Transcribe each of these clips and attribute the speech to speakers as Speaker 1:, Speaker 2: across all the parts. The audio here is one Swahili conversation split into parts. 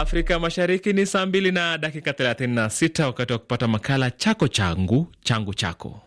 Speaker 1: Afrika Mashariki ni saa mbili na dakika 36, wakati wa kupata makala chako changu changu chako.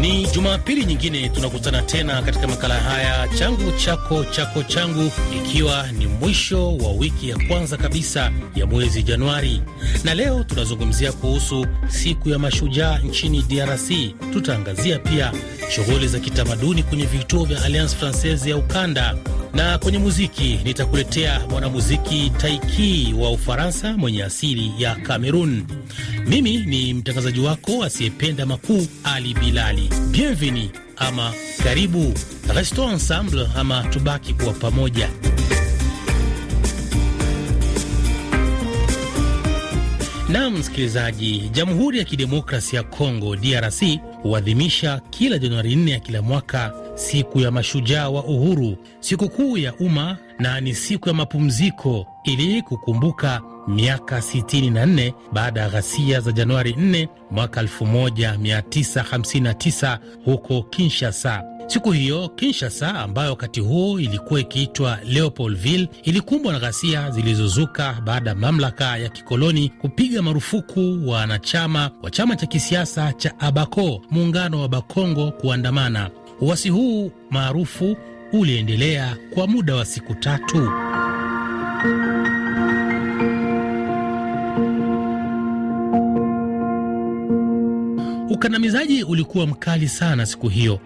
Speaker 2: Ni Jumapili nyingine tunakutana tena katika makala haya changu chako chako changu, ikiwa ni mwisho wa wiki ya kwanza kabisa ya mwezi Januari, na leo tunazungumzia kuhusu siku ya mashujaa nchini DRC. Tutaangazia pia shughuli za kitamaduni kwenye vituo vya Alliance Francaise ya ukanda. Na kwenye muziki nitakuletea mwanamuziki Taiki wa Ufaransa mwenye asili ya Kamerun. Mimi ni mtangazaji wako asiyependa makuu, Ali Bilali. Bienvenue ama karibu, restons ensemble ama tubaki kuwa pamoja. Na msikilizaji, Jamhuri ya Kidemokrasia ya Kongo DRC huadhimisha kila Januari 4 ya kila mwaka siku ya mashujaa wa uhuru, sikukuu ya umma na ni siku ya mapumziko ili kukumbuka miaka 64 baada ya ghasia za Januari 4 mwaka 1959 huko Kinshasa. Siku hiyo Kinshasa, ambayo wakati huo ilikuwa ikiitwa Leopoldville, ilikumbwa na ghasia zilizozuka baada ya mamlaka ya kikoloni kupiga marufuku wanachama wa chama cha kisiasa cha ABAKO, muungano wa Bakongo, kuandamana. Uasi huu maarufu uliendelea kwa muda wa siku tatu. Ukandamizaji ulikuwa mkali sana siku hiyo.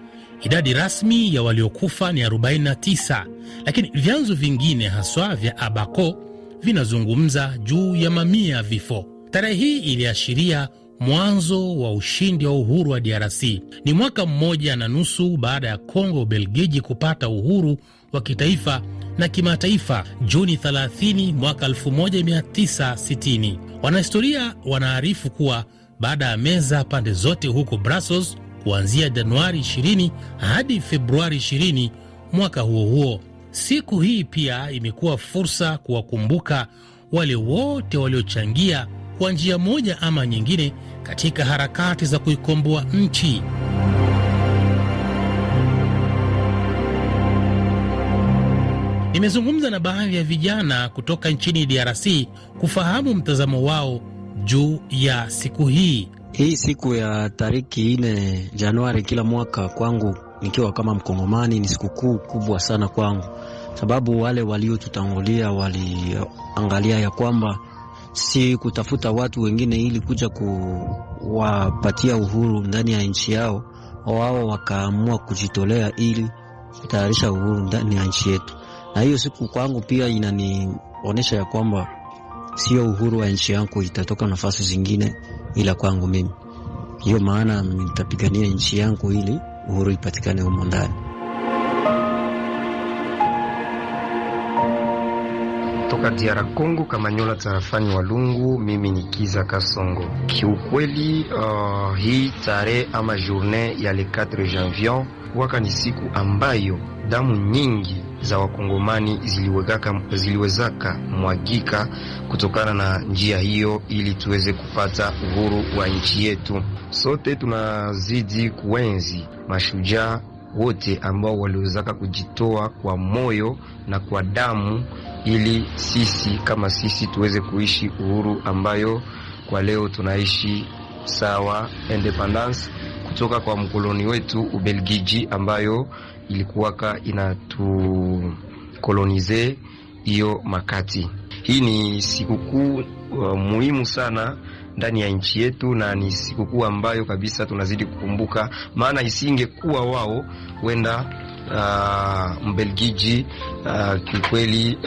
Speaker 2: Idadi rasmi ya waliokufa ni 49, lakini vyanzo vingine haswa vya Abaco vinazungumza juu ya mamia vifo. Tarehe hii iliashiria mwanzo wa ushindi wa uhuru wa DRC. Ni mwaka mmoja na nusu baada ya Kongo belgiji kupata uhuru wa kitaifa na kimataifa Juni 30 mwaka 1960. Wanahistoria wanaarifu kuwa baada ya meza pande zote huko Brussels kuanzia Januari 20 hadi Februari 20 mwaka huo huo. Siku hii pia imekuwa fursa kuwakumbuka wale wote waliochangia kwa njia moja ama nyingine katika harakati za kuikomboa nchi. Nimezungumza na baadhi ya vijana kutoka nchini DRC kufahamu
Speaker 3: mtazamo wao juu ya siku hii. Hii siku ya tariki ine Januari kila mwaka kwangu nikiwa kama Mkongomani ni sikukuu kubwa sana kwangu, sababu wale waliotutangulia waliangalia ya kwamba si kutafuta watu wengine ili kuja kuwapatia uhuru ndani ya nchi yao, wao wakaamua kujitolea ili kutayarisha uhuru ndani ya nchi yetu. Na hiyo siku kwangu pia inanionyesha ya kwamba sio uhuru wa nchi yangu itatoka nafasi zingine, ila kwangu mimi. Hiyo maana nitapigania nchi yangu ili uhuru ipatikane humo ndani. Toka Diara Kongo, Kamanyola, tarafani Walungu, mimi ni Kiza Kasongo. Kiukweli uh, hii tarehe ama journee ya le 4 janvier waka ni siku ambayo damu nyingi za wakongomani ziliwezaka, ziliwezaka mwagika kutokana na njia hiyo, ili tuweze kupata uhuru wa nchi yetu. Sote tunazidi kuenzi mashujaa wote ambao waliwezaka kujitoa kwa moyo na kwa damu, ili sisi kama sisi tuweze kuishi uhuru ambayo kwa leo tunaishi sawa, independence kutoka kwa mkoloni wetu Ubelgiji ambayo ilikuwaka inatukolonize hiyo makati. Hii ni sikukuu uh, muhimu sana ndani ya nchi yetu na ni sikukuu ambayo kabisa tunazidi kukumbuka, maana isingekuwa wao wenda Uh, Mbelgiji uh, kiukweli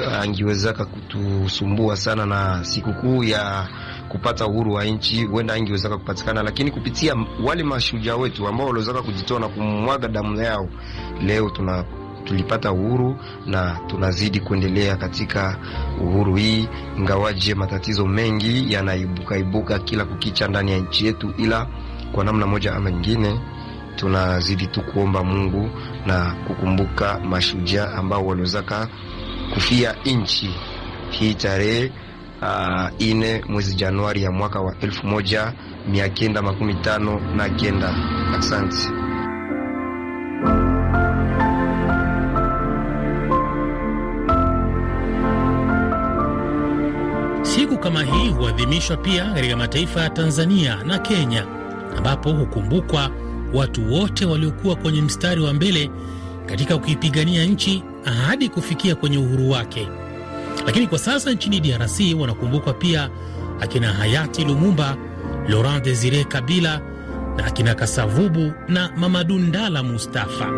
Speaker 3: uh, kutusumbua sana na sikukuu ya kupata uhuru wa nchi, huenda angiwezaka kupatikana, lakini kupitia wale mashujaa wetu ambao waliwezaka kujitoa na kumwaga damu yao, leo tuna tulipata uhuru na tunazidi kuendelea katika uhuru hii, ingawaje matatizo mengi yanaibuka ibuka kila kukicha ndani ya nchi yetu, ila kwa namna moja ama nyingine tunazidi tu kuomba Mungu na kukumbuka mashujaa ambao waliwezaka kufia nchi hii tarehe uh, ine mwezi Januari ya mwaka wa elfu moja mia kenda makumi tano na kenda. Asante.
Speaker 2: Siku kama hii huadhimishwa pia katika mataifa ya Tanzania na Kenya, ambapo hukumbukwa watu wote waliokuwa kwenye mstari wa mbele katika kuipigania nchi hadi kufikia kwenye uhuru wake. Lakini kwa sasa nchini DRC wanakumbukwa pia akina hayati Lumumba, Laurent Desire Kabila na akina Kasavubu na Mamadu Ndala Mustafa.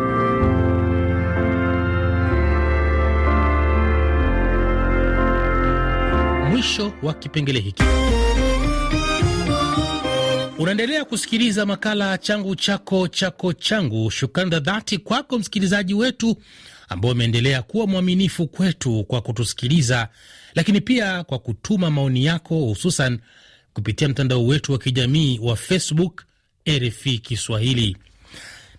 Speaker 2: Mwisho wa kipengele hiki. Unaendelea kusikiliza makala changu chako chako changu. Shukrani za dhati kwako msikilizaji wetu ambao umeendelea kuwa mwaminifu kwetu kwa kutusikiliza, lakini pia kwa kutuma maoni yako, hususan kupitia mtandao wetu wa kijamii wa Facebook RFI Kiswahili.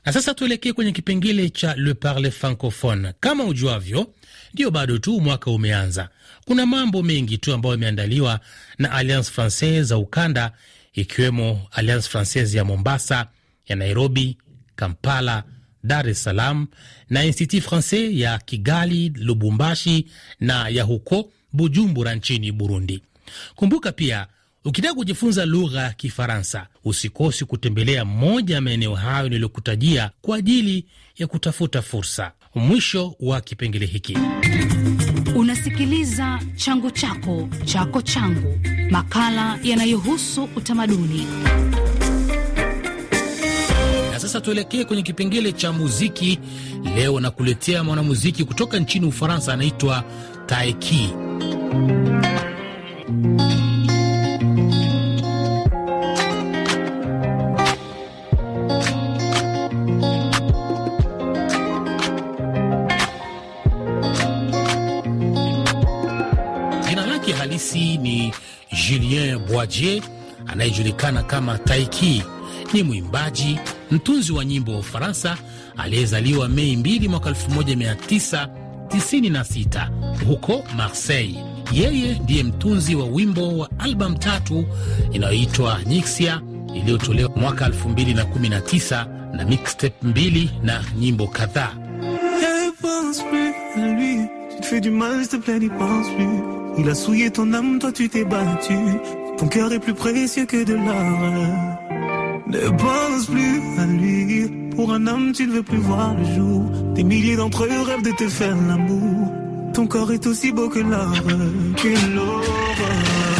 Speaker 2: Na sasa tuelekee kwenye kipengele cha Le Parle Francophone. Kama ujuavyo, ndiyo bado tu mwaka umeanza, kuna mambo mengi tu ambayo yameandaliwa na Alliance Francaise za ukanda, ikiwemo Alliance Francaise ya Mombasa, ya Nairobi, Kampala Dar es Salaam na Institut Francais ya Kigali, Lubumbashi na ya huko Bujumbura nchini Burundi. Kumbuka pia ukitaka kujifunza lugha ya Kifaransa usikosi kutembelea moja ya maeneo hayo niliyokutajia kwa ajili ya kutafuta fursa. Mwisho wa kipengele hiki.
Speaker 3: Unasikiliza changu chako chako changu, makala yanayohusu utamaduni
Speaker 2: sasa tuelekee kwenye kipengele cha muziki. Leo nakuletea mwanamuziki kutoka nchini Ufaransa, anaitwa Taiki. Jina lake halisi ni Julien Boidier anayejulikana kama Taiki. Ni mwimbaji mtunzi wa nyimbo wa Ufaransa aliyezaliwa Mei 2 mwaka 1996 huko Marseille. Yeye ndiye mtunzi wa wimbo wa albamu tatu inayoitwa Nyixia iliyotolewa mwaka 2019 na, na mixtape mbili na nyimbo kadhaa.
Speaker 4: Il a souillé ton âme, toi tu t'es battu. Ton cœur est plus précieux que de l'or. Ne pense plus à lui. Pour un homme, tu ne veux plus voir le jour. Des milliers d'entre eux rêvent de te faire l'amour. Ton corps est aussi beau que l'or, que l'aurore.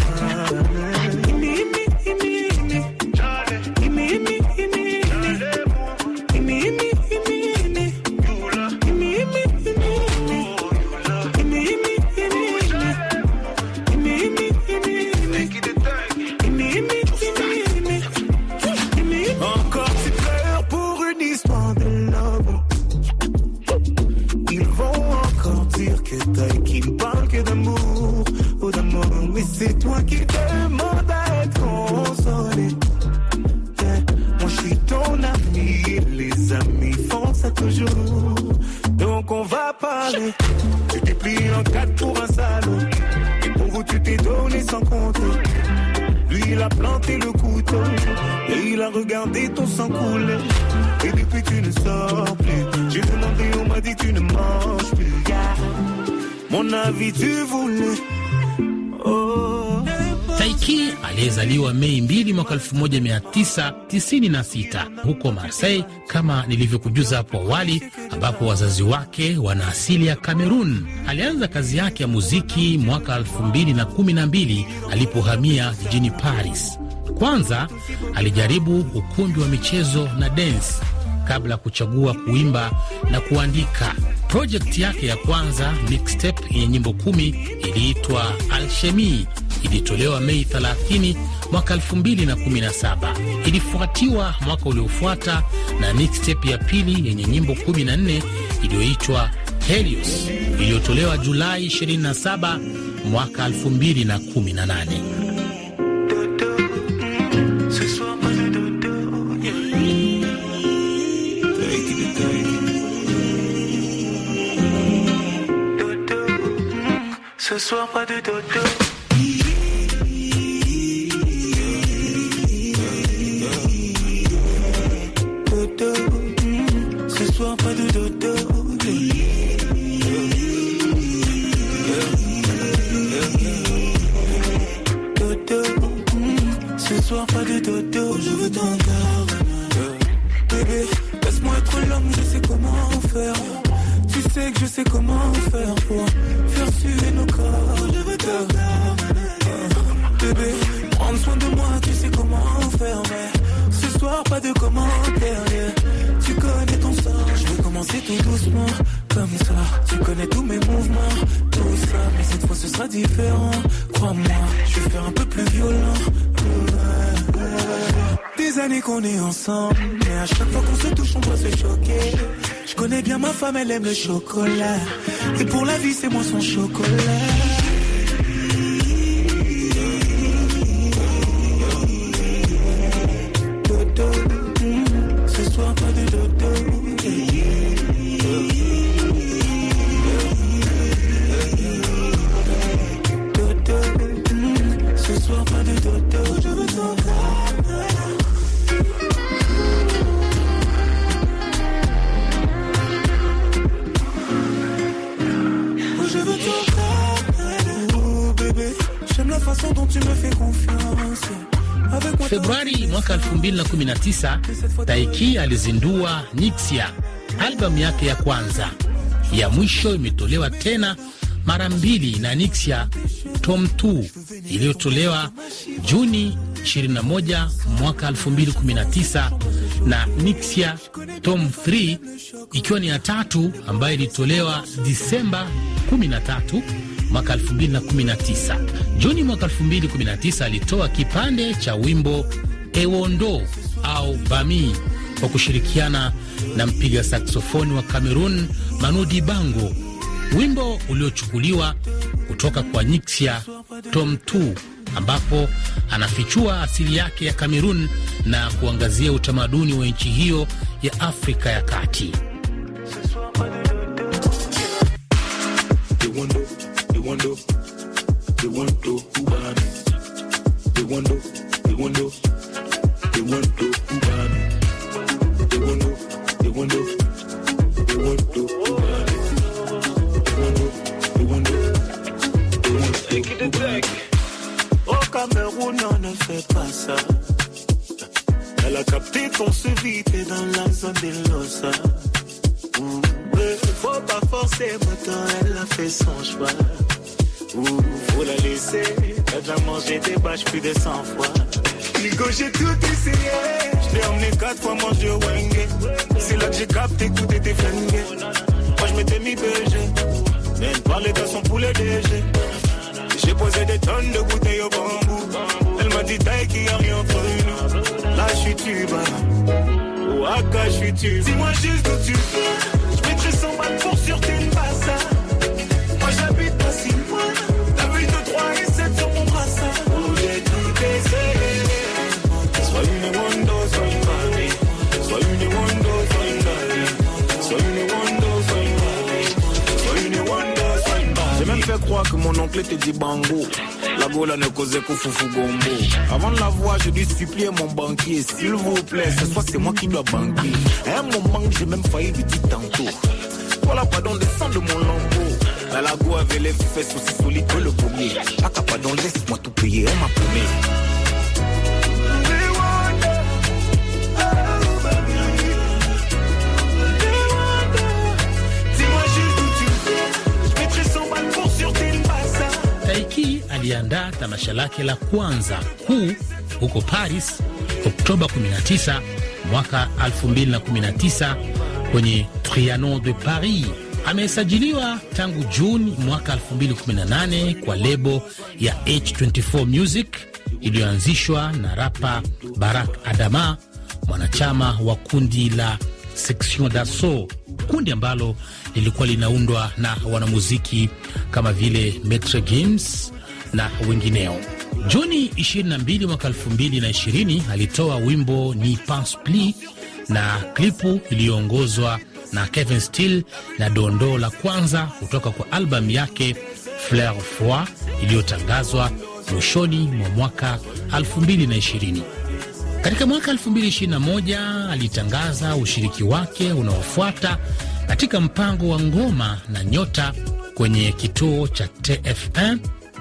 Speaker 2: 1996 huko Marsei, kama nilivyokujuza hapo awali, ambapo wazazi wake wana asili ya Kamerun. Alianza kazi yake ya muziki mwaka 2012 alipohamia jijini Paris. Kwanza alijaribu ukumbi wa michezo na dance kabla ya kuchagua kuimba na kuandika. Projekti yake ya kwanza mixtape yenye nyimbo kumi iliitwa Alchemie ilitolewa Mei 30 mwaka 2017. Ilifuatiwa mwaka uliofuata na mixtape ya pili yenye nyimbo 14 iliyoitwa Helios iliyotolewa Julai 27 mwaka 2018.
Speaker 4: de je veux ton cœur. Euh, bébé, laisse-moi être l'homme, je sais comment faire. Tu sais que je sais comment faire pour faire suer nos corps. Je veux ton euh, Bébé, prends soin de moi, tu sais comment faire. Mais ce soir, pas de commentaires. Tu connais ton sort, je veux commencer tout doucement. Comme ça, tu connais tous mes mouvements, tout ça. Mais cette fois, ce sera différent. Crois-moi, je vais faire un peu plus violent années qu'on est ensemble. Mais à chaque fois qu'on se touche, on doit se choquer. Je connais bien ma femme, elle aime le chocolat. Et pour la vie, c'est moi son chocolat. Februari
Speaker 2: mwaka 2019 Taiki alizindua Nixia, albamu yake ya kwanza. Ya mwisho imetolewa tena mara mbili na Nixia Tom 2 iliyotolewa Juni 21 mwaka 2019 na Nixia Tom 3 ikiwa ni ya tatu ambayo ilitolewa Disemba 13 mwaka 2019. Juni mwaka 2019 alitoa kipande cha wimbo Ewondo au Bami kwa kushirikiana na mpiga saksofoni wa Cameroon Manu Dibango, wimbo uliochukuliwa kutoka kwa nyiksia Tom 2 ambapo anafichua asili yake ya Kamerun na kuangazia utamaduni wa nchi hiyo ya Afrika ya Kati. wonder,
Speaker 4: Cameroun, ne fait pas ça. Elle a capté qu'on se et dans la zone de Losa. Mmh. Faut pas forcer, maintenant elle a fait son choix. Ouh, faut la laisser. Elle déjà mangé des bâches plus de 100 fois. Nico, j'ai tout essayé. Je t'ai emmené quatre fois manger au Wenge. C'est là que j'ai capté que tout était Moi, je m'étais mis bégé Mais elle parlait de son poulet léger. J'ai posé des tonnes de bouteilles au bambou. Elle m'a dit, taille qui n'y a rien entre nous. Là, je suis tuba. Waka, je suis tu Dis-moi juste où tu veux. Je mettrai 100 balles pour sur tes basse. mon oncle te dit bango. La gola ne causait qu'au foufou gombo. Avant de la voir, je dis supplier mon banquier. S'il vous plaît, ce soir c'est moi qui dois banquer. À un moment, j'ai même failli lui dire tantôt. Voilà, pardon, descend de mon lambeau. La lago avait les fesses aussi solides que le premier Aka pardon, laisse-moi tout payer, m'a promis.
Speaker 2: kuliandaa tamasha lake la kwanza kuu huko Paris Oktoba 19 mwaka 2019 kwenye Trianon de Paris. Amesajiliwa tangu Juni mwaka 2018 kwa lebo ya H24 Music iliyoanzishwa na rapa Barak Adama, mwanachama wa kundi la Section d'Assaut, kundi ambalo lilikuwa linaundwa na wanamuziki kama vile Maitre Games, na wengineo. Juni 22 mwaka 2020 alitoa wimbo ni Pense pli na klipu iliyoongozwa na Kevin Stil na dondoo la kwanza kutoka kwa albamu yake Fleur Foi iliyotangazwa mwishoni mwa mwaka 2020. Katika mwaka 2021 alitangaza ushiriki wake unaofuata katika mpango wa ngoma na nyota kwenye kituo cha tf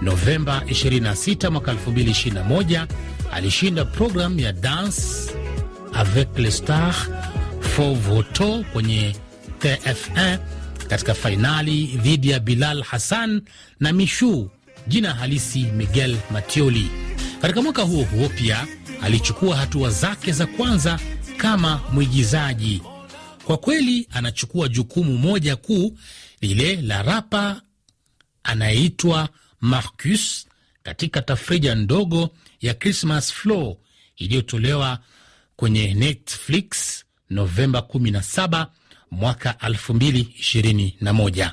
Speaker 2: Novemba 26 mwaka 2021 alishinda programu ya Danse avec les Star for voto kwenye TF1 katika fainali dhidi ya Bilal Hassan na Mishu, jina halisi Miguel Matioli. Katika mwaka huo huo pia alichukua hatua zake za kwanza kama mwigizaji. Kwa kweli, anachukua jukumu moja kuu, lile la rapa anayeitwa Marcus katika tafrija ndogo ya Christmas Flow iliyotolewa kwenye Netflix Novemba 17 mwaka 2021.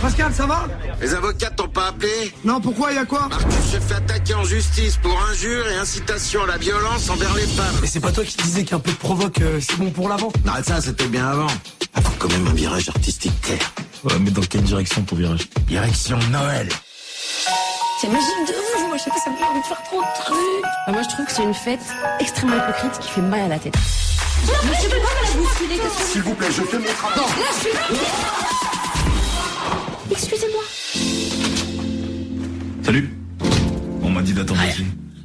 Speaker 3: Pascal, ça va? Les avocats t'ont pas appelé Non, pourquoi y a quoi Marcus se fait attaquer en justice pour injure et incitation à la violence envers les
Speaker 2: femmes.
Speaker 4: Mais c'est pas toi qui disais qu'un peu de provoque, euh, c'est bon pour l'avant Non, ça c'était bien avant. Avant quand même un virage artistique clair.
Speaker 2: Ouais, mais dans quelle direction ton virage
Speaker 4: Direction Noël. C'est magique de vous, moi je sais pas, ça me fait de faire trop de trucs. Ah, moi je trouve que c'est une fête extrêmement hypocrite qui fait mal à la tête. pas S'il vous plaît, je fais mon travail. Excusez-moi.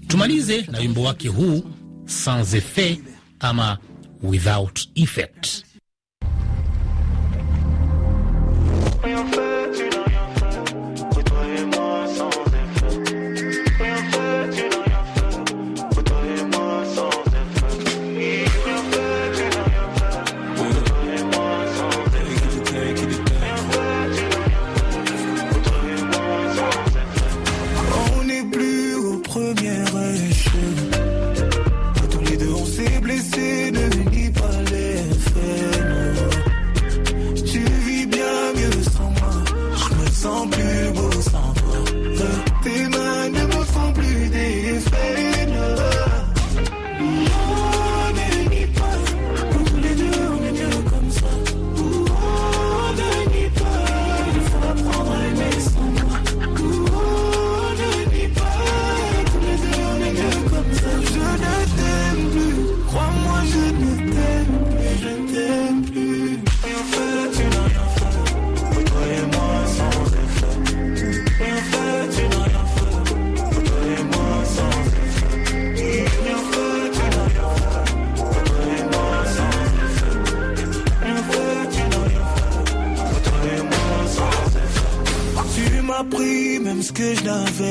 Speaker 2: Tumalize na wimbo wake huu sans effet ama without effect.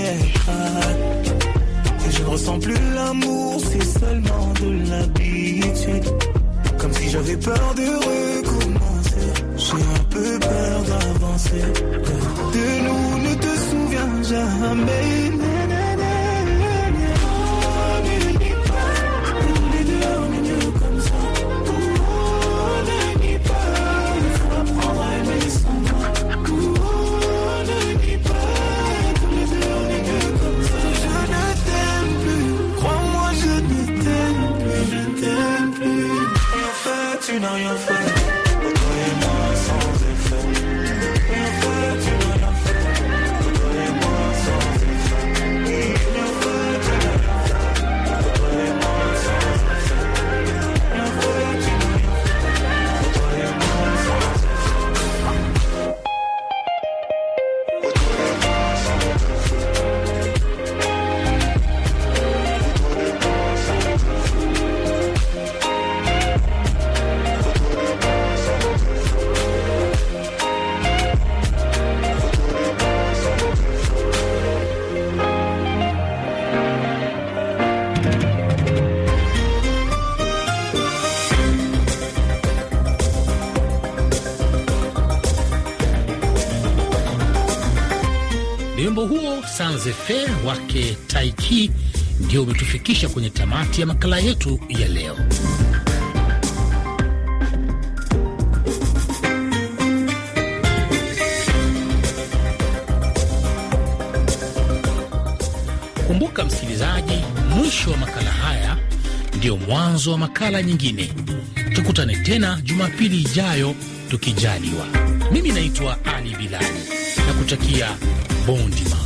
Speaker 4: Et je ne ressens plus l'amour, c'est seulement de l'habitude. Comme si j'avais peur de recommencer. J'ai un peu peur d'avancer. De nous ne te souviens jamais.
Speaker 2: Zefe wake Taiki ndio umetufikisha kwenye tamati ya makala yetu ya leo. Kumbuka msikilizaji, mwisho wa makala haya ndio mwanzo wa makala nyingine. Tukutane tena Jumapili ijayo tukijaliwa. Mimi naitwa Ali Bilali na kutakia bondima.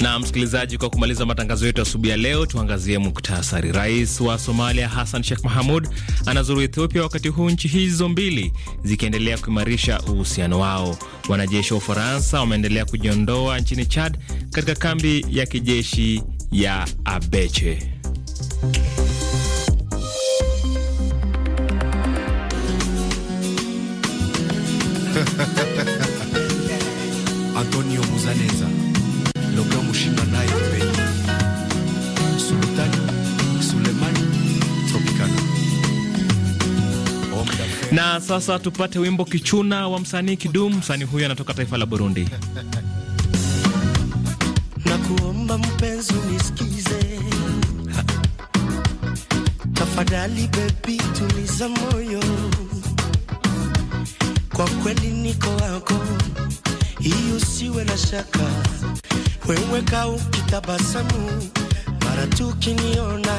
Speaker 1: Na msikilizaji, kwa kumaliza matangazo yetu asubuhi ya leo, tuangazie muktasari. Rais wa Somalia Hassan Sheikh Mahamud anazuru Ethiopia wakati huu nchi hizo mbili zikiendelea kuimarisha uhusiano wao. Wanajeshi wa Ufaransa wameendelea kujiondoa nchini Chad katika kambi ya kijeshi ya Abeche.
Speaker 4: Antonio Muzaleza kushinda naye peni
Speaker 1: Sultani Sulemani Tropicana. Na sasa tupate wimbo Kichuna wa msanii Kidum. Msanii huyo anatoka taifa la Burundi.
Speaker 4: Nakuomba mpenzi unisikize tafadhali, bebi tuliza moyo, kwa kweli niko wako, hiyo siwe na shaka wewe kaa mara tu kiniona,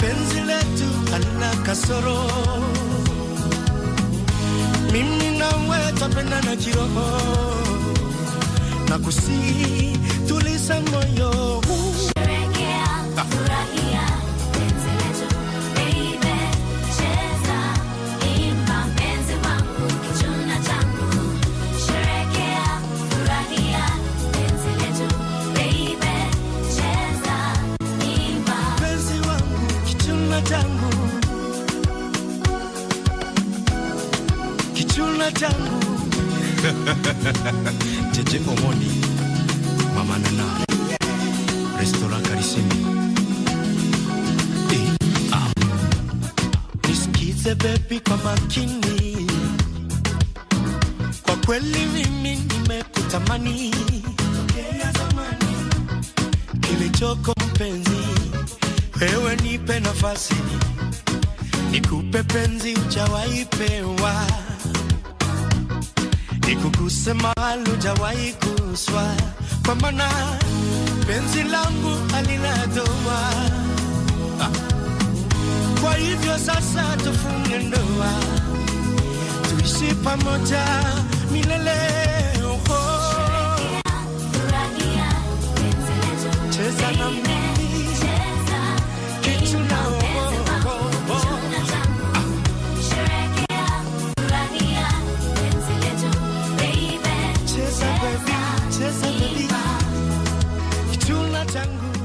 Speaker 4: penzi letu halina kasoro, mimi nawe twapendana kiroho na kusii, tulisa moyo
Speaker 1: Jeje Omoni, Mama Nana, Restaurant
Speaker 4: Karisimi. Eh, ah. Nisikize baby kwa makini, kwa kweli mimi nimekutamani kilichoko mpenzi, wewe nipe nafasi nikupe penzi ujawahi Nikukusema lujawahi kuswa, kwa maana penzi langu halina doa. Kwa hivyo sasa tufunge ndoa, tuishi pamoja milele uko. Cheza nami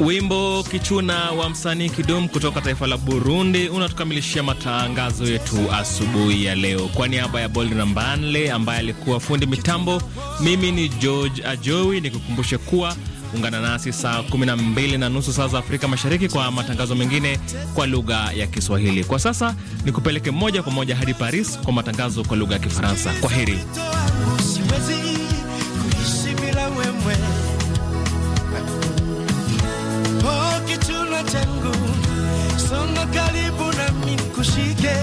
Speaker 1: Wimbo Kichuna wa msanii Kidum kutoka taifa la Burundi unatukamilishia matangazo yetu asubuhi ya leo. Kwa niaba ya bold na Mbanle ambaye alikuwa fundi mitambo, mimi ni George Ajowi nikukumbushe kuwa ungana nasi saa 12 na nusu saa za Afrika Mashariki kwa matangazo mengine kwa lugha ya Kiswahili. Kwa sasa ni kupeleke moja kwa moja hadi Paris kwa matangazo kwa lugha ya Kifaransa. Kwa heri.
Speaker 4: kichuno changu songa karibu na mikushike